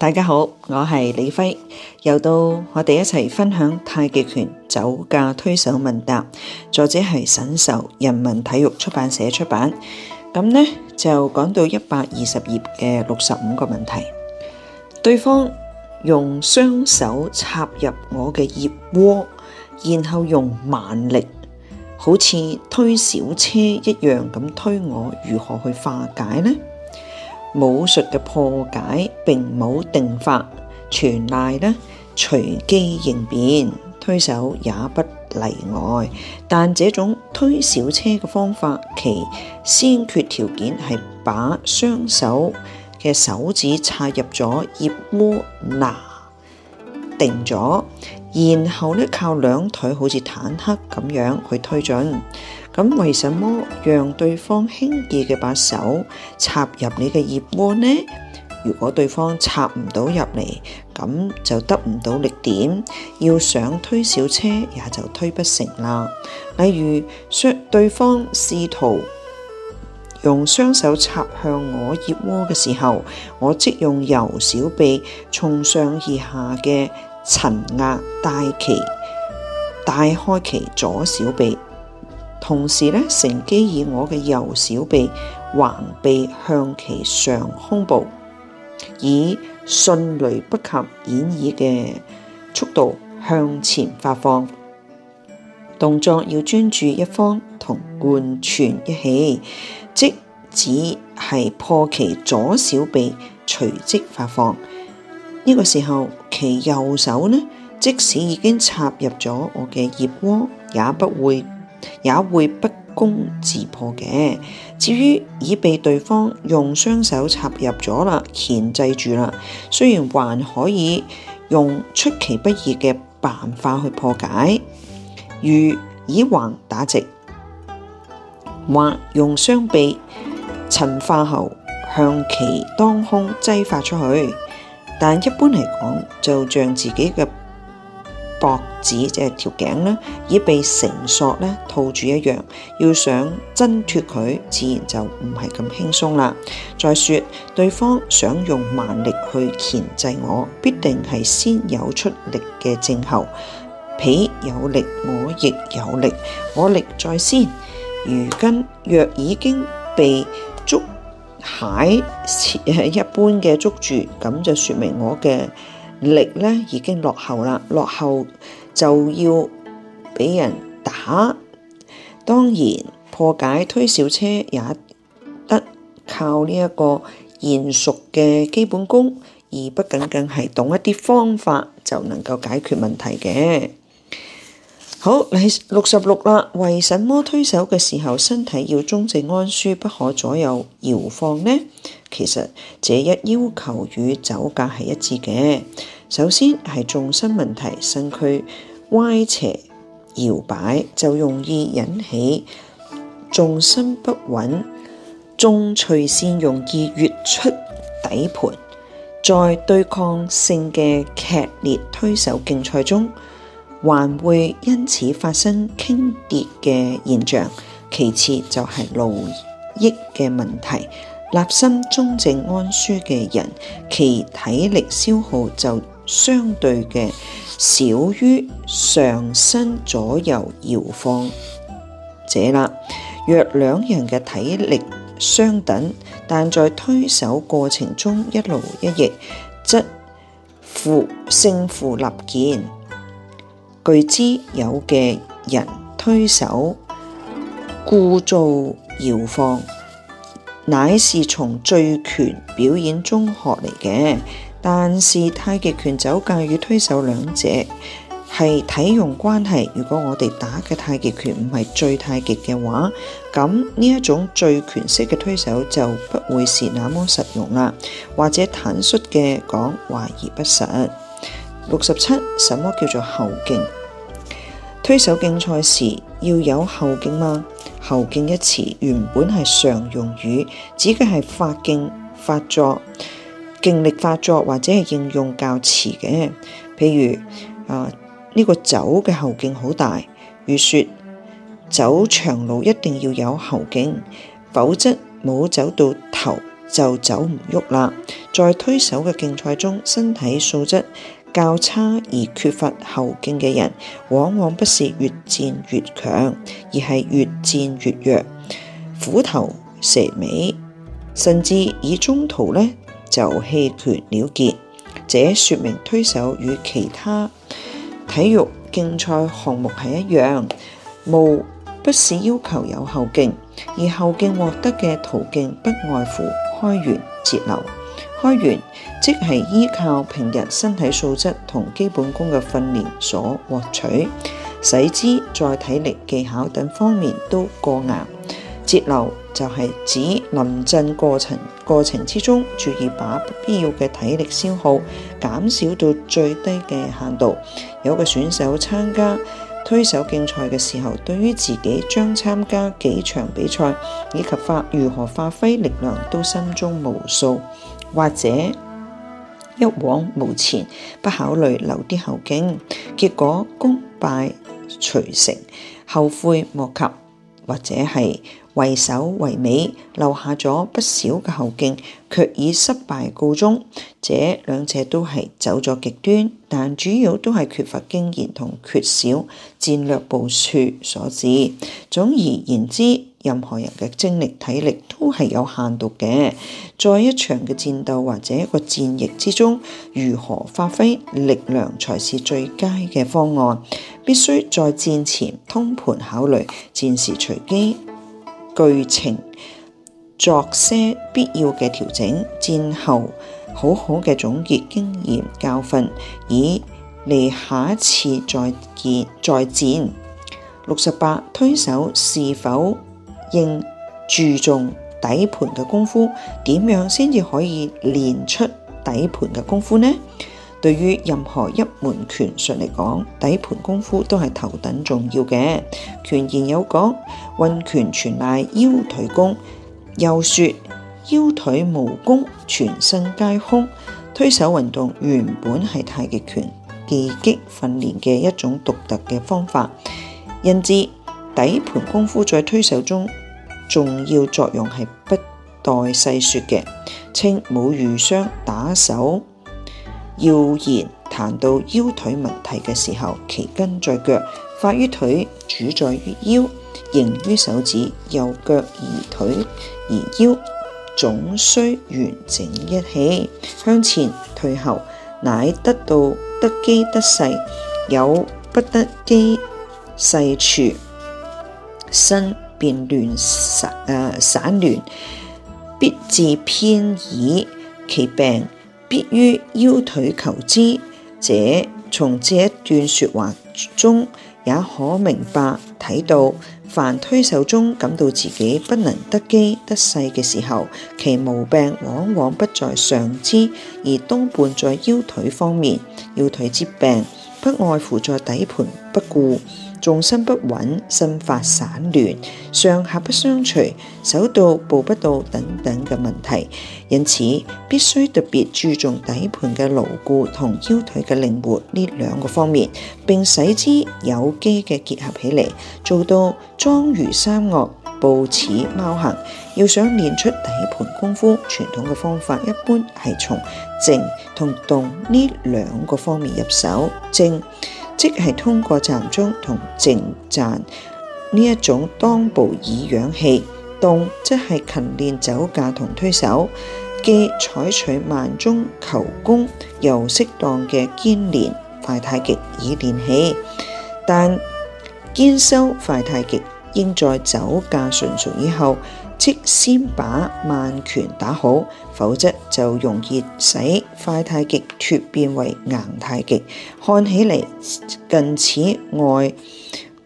大家好，我係李輝，又到我哋一齊分享太極拳走架推手問答，作者係沈壽，人民體育出版社出版。咁呢就講到一百二十頁嘅六十五個問題，對方用雙手插入我嘅腋窩，然後用蠻力，好似推小車一樣咁推我，如何去化解呢？武術嘅破解並冇定法，全賴呢隨機應變，推手也不例外。但這種推小車嘅方法，其先決條件係把雙手嘅手指插入咗腋窩，拿定咗，然後咧靠兩腿好似坦克咁樣去推進。咁為什麼讓對方輕易嘅把手插入你嘅腋窩呢？如果對方插唔到入嚟，咁就得唔到力點，要想推小車也就推不成啦。例如說對方試圖用雙手插向我腋窩嘅時候，我即用右小臂從上而下嘅沉壓，帶其帶開其左小臂。同時呢，乘機以我嘅右小臂橫臂向其上胸部，以迅雷不及掩耳嘅速度向前發放，動作要專注一方同貫串一起，即只係破其左小臂隨即發放。呢個時候，其右手呢，即使已經插入咗我嘅腋窩，也不會。也會不攻自破嘅。至於已被對方用雙手插入咗啦，鉗制住啦，雖然還可以用出其不意嘅辦法去破解，如以橫打直，或用雙臂陳化後向其當胸擠發出去。但一般嚟講，就像自己嘅。脖子即係條頸咧，已被繩索咧套住一樣，要想掙脫佢，自然就唔係咁輕鬆啦。再說對方想用蠻力去鉗制我，必定係先有出力嘅癥候，彼有力，我亦有力，我力在先。如今若已經被捉蟹一般嘅捉住，咁就說明我嘅力呢已經落後啦，落後就要畀人打。當然，破解推小車也得靠呢一個嫻熟嘅基本功，而不僅僅係懂一啲方法就能夠解決問題嘅。好，你六十六啦。為什麼推手嘅時候，身體要中正安舒，不可左右搖晃呢？其實，這一要求與走架係一致嘅。首先係重心問題，身軀歪斜搖擺，就容易引起重心不穩，重心線容易越出底盤。在對抗性嘅劇烈推手競賽中，還會因此發生傾跌嘅現象。其次就係勞逸嘅問題。立身中正安舒嘅人，其體力消耗就相對嘅少於上身左右搖晃者啦。若兩人嘅體力相等，但在推手過程中一勞一逸，則負勝負立見。據知有嘅人推手故做搖晃，乃是從醉拳表演中學嚟嘅。但是太極拳走架與推手兩者係體用關係。如果我哋打嘅太極拳唔係醉太極嘅話，咁呢一種醉拳式嘅推手就不會是那麼實用啦。或者坦率嘅講，華而不實。六十七，什麼叫做後勁？推手競賽時要有後勁嗎？後勁一詞原本係常用語，指嘅係發勁、發作、勁力發作或者係應用較遲嘅。譬如啊，呢個走嘅後勁好大，如說走長路一定要有後勁，否則冇走到頭就走唔喐啦。在推手嘅競賽中，身體素質，較差而缺乏後勁嘅人，往往不是越戰越強，而係越戰越弱，虎頭蛇尾，甚至以中途呢就棄權了結。這說明推手與其他體育競賽項目係一樣，無不是要求有後勁，而後勁獲得嘅途徑不外乎開源節流。開源即係依靠平日身體素質同基本功嘅訓練所獲取，使之在體力、技巧等方面都過硬。節流就係指臨陣過程過程之中，注意把不必要嘅體力消耗減少到最低嘅限度。有嘅選手參加推手競賽嘅時候，對於自己將參加幾場比賽以及發如何發揮力量，都心中無數。或者一往無前，不考慮留啲後勁，結果功敗垂成，後悔莫及；或者係畏首畏尾，留下咗不少嘅後勁，卻以失敗告終。這兩者都係走咗極端，但主要都係缺乏經驗同缺少戰略部署所致。總而言之，任何人嘅精力、體力，都係有限度嘅。在一場嘅戰鬥或者一個戰役之中，如何發揮力量才是最佳嘅方案？必須在戰前通盤考慮，戰時隨機據情作些必要嘅調整，戰後好好嘅總結經驗教訓，以嚟下一次再見再戰。六十八，推手是否應注重底盤嘅功夫點樣先至可以練出底盤嘅功夫呢？對於任何一門拳術嚟講，底盤功夫都係頭等重要嘅。拳言，有講，運拳全賴腰腿功，又說，腰腿無功，全身皆空。推手運動原本係太極拳技擊訓練嘅一種獨特嘅方法，因之底盤功夫在推手中。重要作用係不待細説嘅。稱冇儒雙打手，要言談到腰腿問題嘅時候，其根在腳，發於腿，主宰於腰，形於手指。由腳而腿而腰，總須完整一起向前退後，乃得到得機得勢，有不得機勢處身，便亂、呃、散，誒散亂，必至偏倚，其病必於腰腿求之。者從這一段說話中，也可明白睇到，凡推手中感到自己不能得機得勢嘅時候，其毛病往往不在上肢，而多半在腰腿方面。腰腿之病，不外乎在底盤不顧。重心不穩，身法散亂，上下不相隨，手到步不到等等嘅問題，因此必須特別注重底盤嘅牢固同腰腿嘅靈活呢兩個方面，並使之有機嘅結合起嚟，做到樁如山岳，步似貓行。要想練出底盤功夫，傳統嘅方法一般係從靜同動呢兩個方面入手，靜。即係通過站樁同靜站呢一種當步以養氣，動即係勤練走架同推手，既採取慢中求功適，又適當嘅兼練快太極以練氣。但兼修快太極應在走架純熟以後。即先把慢拳打好，否則就容易使快太極脫變為硬太極，看起嚟近似外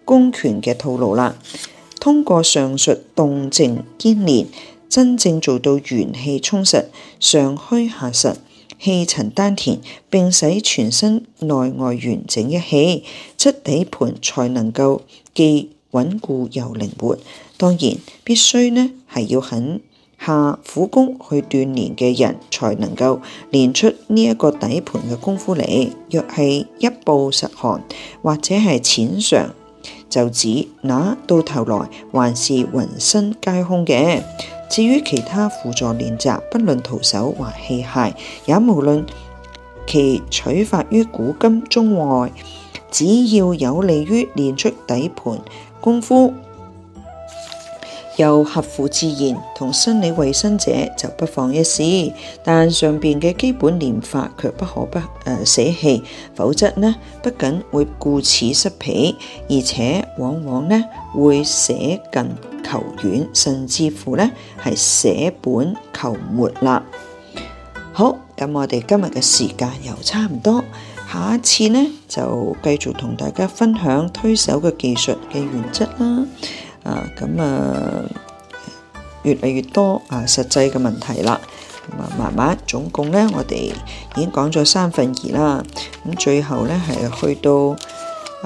功拳嘅套路啦。通過上述動靜兼練，真正做到元氣充實、上虛下實、氣沉丹田，並使全身內外完整一氣出底盤，才能夠既穩固又靈活。當然必須呢，係要肯下苦功去鍛練嘅人才能夠練出呢一個底盤嘅功夫嚟。若係一曝十寒，或者係淺嘗輒止，那到頭來還是渾身皆空嘅。至於其他輔助練習，不論徒手或器械，也無論其取法於古今中外，只要有利於練出底盤功夫，又合乎自然同生理衛生者就不妨一試，但上邊嘅基本練法卻不可不誒捨棄，否則呢，不僅會顧此失彼，而且往往呢會捨近求遠，甚至乎呢係捨本求末啦。好，咁我哋今日嘅時間又差唔多，下一次呢就繼續同大家分享推手嘅技術嘅原則啦。啊，咁啊，越嚟越多啊，實際嘅問題啦，咁啊，慢慢總共咧，我哋已經講咗三分二啦，咁最後咧係去到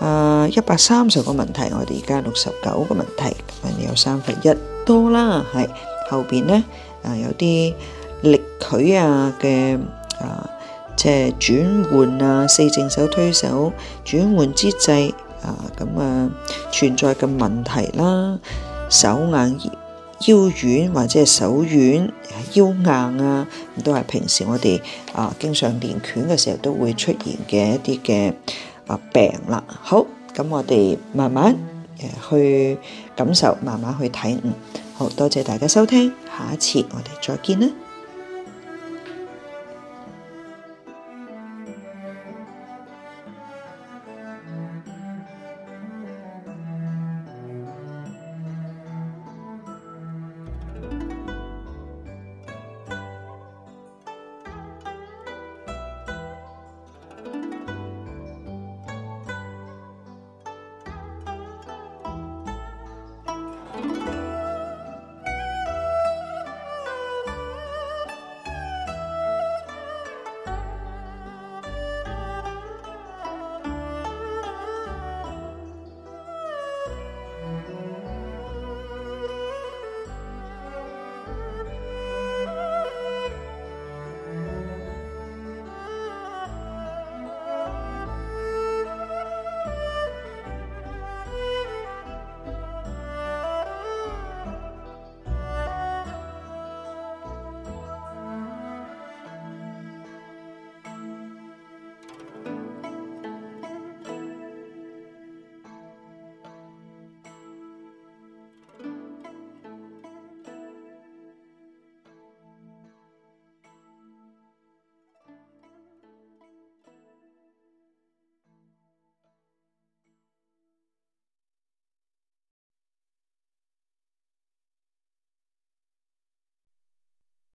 啊一百三十個問題，我哋而家六十九個問題，咁你有三分一多啦，係後邊咧啊有啲力距啊嘅啊，即係轉換啊，四正手推手轉換之際。啊，咁、嗯、啊存在嘅問題啦，手硬腰軟或者係手軟腰硬啊，都係平時我哋啊經常練拳嘅時候都會出現嘅一啲嘅、啊、病啦。好，咁我哋慢慢去感受，慢慢去睇。嗯，好多謝大家收聽，下一次我哋再見啦。